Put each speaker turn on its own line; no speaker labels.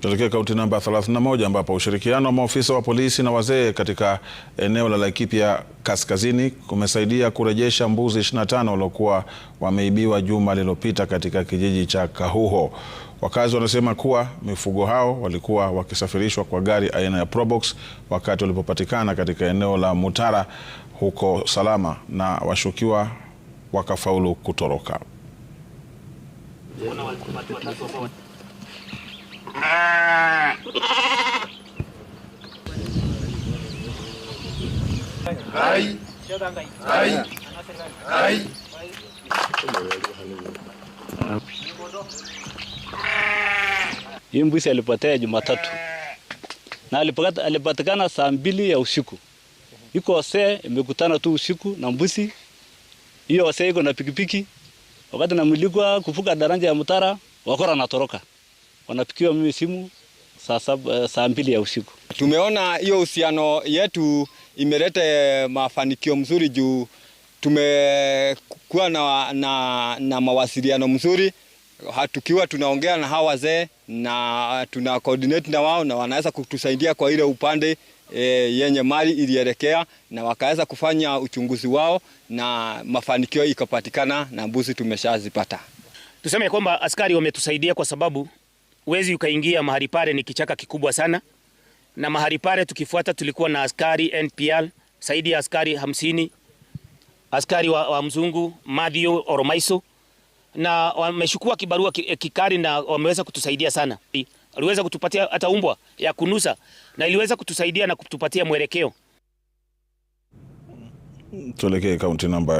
Tuelekee kaunti namba 31 ambapo ushirikiano wa maofisa wa polisi na wazee katika eneo la Laikipia Kaskazini kumesaidia kurejesha mbuzi 25 waliokuwa wameibiwa juma lililopita katika kijiji cha Kahuho. Wakazi wanasema kuwa mifugo hao walikuwa wakisafirishwa kwa gari aina ya Probox wakati walipopatikana katika eneo la Mutara huko Salama na washukiwa wakafaulu kutoroka. は
いはいはい Hii mbuzi alipotea Jumatatu na alipatikana saa mbili ya usiku. Iko wasee imekutana tu usiku na mbuzi hiyo, wasee iko na pikipiki, wakati namilikuwa kuvuka daranja ya Mutara wakora natoroka wanapikiwa mimi simu saa saba, eh, saa mbili ya usiku.
Tumeona hiyo uhusiano yetu imeleta eh, mafanikio mzuri juu tumekuwa na, na, na mawasiliano mzuri hatukiwa tunaongea na hawa wazee na tuna coordinate na wao na wanaweza kutusaidia kwa ile upande e, yenye mali ilielekea na wakaweza kufanya uchunguzi wao na mafanikio ikapatikana na mbuzi tumeshazipata.
Tuseme kwamba askari wametusaidia kwa sababu huwezi ukaingia mahali pale, ni kichaka kikubwa sana, na mahali pale tukifuata, tulikuwa na askari NPL zaidi ya askari hamsini, askari wa, wa mzungu Mathew Oromaiso, na wameshukua kibarua kikali na wameweza kutusaidia sana. Aliweza kutupatia hata umbwa ya kunusa na iliweza kutusaidia na kutupatia mwelekeo. Tuelekee kaunti namba